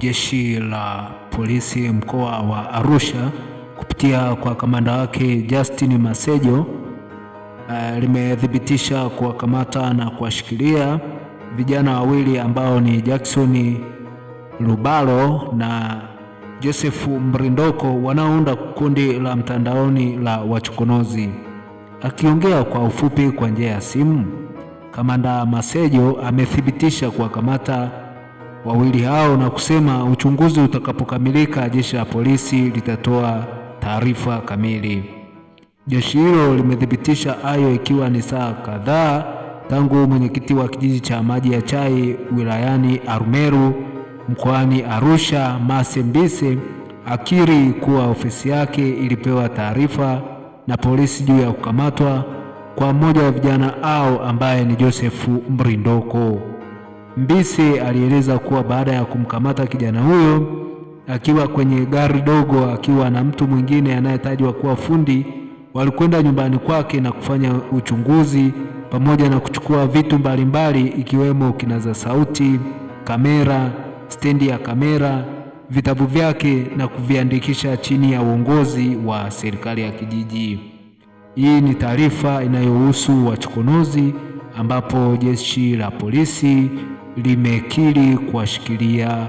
Jeshi la Polisi mkoa wa Arusha kupitia kwa kamanda wake Justin Masejo uh, limethibitisha kuwakamata na kuwashikilia vijana wawili ambao ni Jackson Lubalo na Joseph Mrindoko wanaounda kundi la mtandaoni la wachokonozi. Akiongea kwa ufupi kwa njia ya simu, kamanda Masejo amethibitisha kuwakamata wawili hao na kusema uchunguzi utakapokamilika jeshi la polisi litatoa taarifa kamili. Jeshi hilo limethibitisha hayo ikiwa ni saa kadhaa tangu mwenyekiti wa kijiji cha Maji ya Chai wilayani Arumeru mkoani Arusha, Mase Mbise akiri kuwa ofisi yake ilipewa taarifa na polisi juu ya kukamatwa kwa mmoja wa vijana hao ambaye ni Joseph Mrindoko. Mbisi alieleza kuwa baada ya kumkamata kijana huyo akiwa kwenye gari dogo akiwa na mtu mwingine anayetajwa kuwa fundi, walikwenda nyumbani kwake na kufanya uchunguzi pamoja na kuchukua vitu mbalimbali ikiwemo kinaza sauti, kamera, stendi ya kamera, vitabu vyake na kuviandikisha chini ya uongozi wa serikali ya kijiji. Hii ni taarifa inayohusu wachokonozi ambapo jeshi la polisi limekiri kuwashikilia